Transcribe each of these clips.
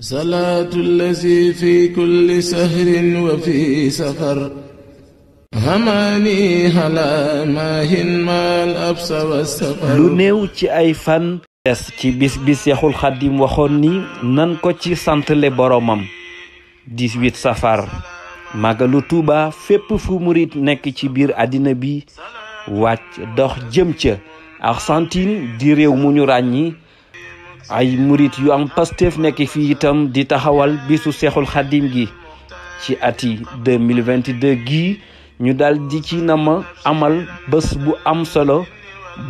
salaatu lu néew ci ay fan des ci bis bi Seexul Xaddim waxoon ni nan ko ci santle boromam 18 safar lu Tuuba fépp fu murit nekk ci biir àddina bi wàcc dox jëm ca Argentine di réew mu ñu ràññi ay murit yu am Pastef nekk fii itam di taxawal bisu seexul xadim gi ci ati 2022 gii ñu daal di ci ma amal bés bu am solo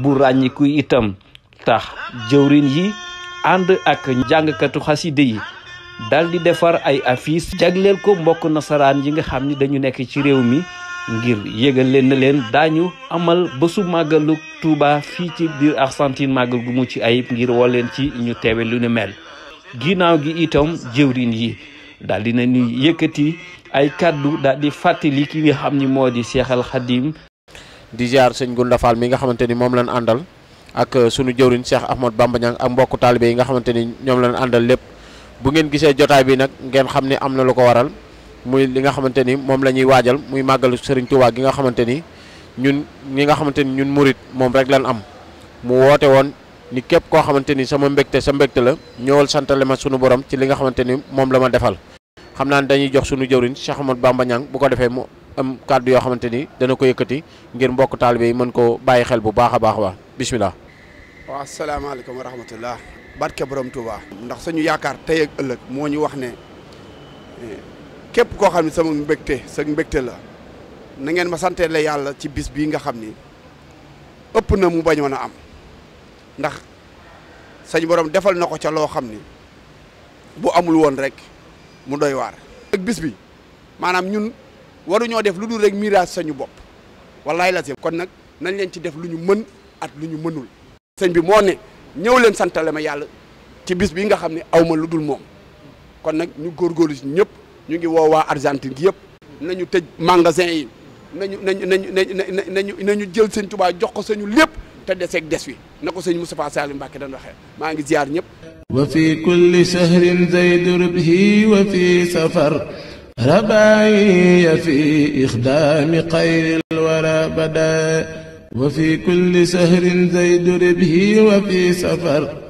bu ràññiku itam tax jëwrin yi ànd ak jàngkatu xaside yi daal di defar ay affiches jagleel ko mbokk nasaraan yi nga xam ni dañu nekk ci réew mi ngir yégal leen na leen daañu amal bésu màggalu tuuba fii ci biir Argentine màggal gu mucc ayib ngir woo ci ñu teewe lu ni mel ginnaaw gi itam jëwriñ yi daal dina ñu yëkkati ay kàddu daal di fàttali ki nga xam ni moo di seexal xadim di jaar sëñ Gunda Fall mi nga xamante ni moom lañ àndal ak euh, sunu jëwriñ Cheikh Ahmad Bamba ak mbokku taalibe yi nga xamante ni ñoom lañ àndal lépp bu ngeen gisee jotaay bi nag ngeen xam ni am na lu ko waral muy li nga xamante ni moom la ñuy waajal muy màggalu Serigne Touba gi nga xamante ni ñun ñi nga xamante ni ñun murit moom rek lan am mu woote woon ni képp koo xamante ni sama mbégte sa mbégte la ñëwal santale ma sunu borom ci li nga xamante ni moom la ma defal. xam naa ne dañuy jox sunu jëwriñ Cheikh Ahmadou Bamba Niang bu ko defee mu am kàddu yoo xamante ni dana ko yëkkati ngir mbokk taalibe yi mën koo bàyyi xel bu baax a baax waa bisimilah. waaw asalaamaaleykum wa rahmatullah borom Touba. ndax suñu yaakaar tey ëllëg moo ñu wax ne eh, képp koo xam ne sama mbégte sa mbégte la na ngeen ma santee la yàlla ci bis bii nga xam ni ëpp na mu bañoon a am ndax sañ borom defal na ko ca loo xam ni bu amul woon rek mu doy waar. ak bis bi maanaam ñun waruñoo def lu dul rek mirage sañu bopp wallaay la kon nag nañ leen ci def lu ñu mën at lu ñu mënul. sëñ bi moo ne ñëw leen santale ma yàlla ci bis bi nga xam ne aw ma lu dul moom kon nag ñu góorgóorlu si ñëpp. ñu ngi woo waa Argentine gi yëpp nañu tëj magasin yi nañu nañu nañu nañu nañu jël sëñ Tuubaa jox ko sañu lépp te deseeg des wi na ko sëñ Moustapha Salim Mbàkke daan waxee maa ngi ziar ñëpp wa fi kulli shahrin zayd rubhi wa fi safar rabaayi fi ixdaami xayril wara bada wa fi kulli shahrin zayd rubhi wa fi safar